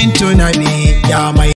abin tunani ya mai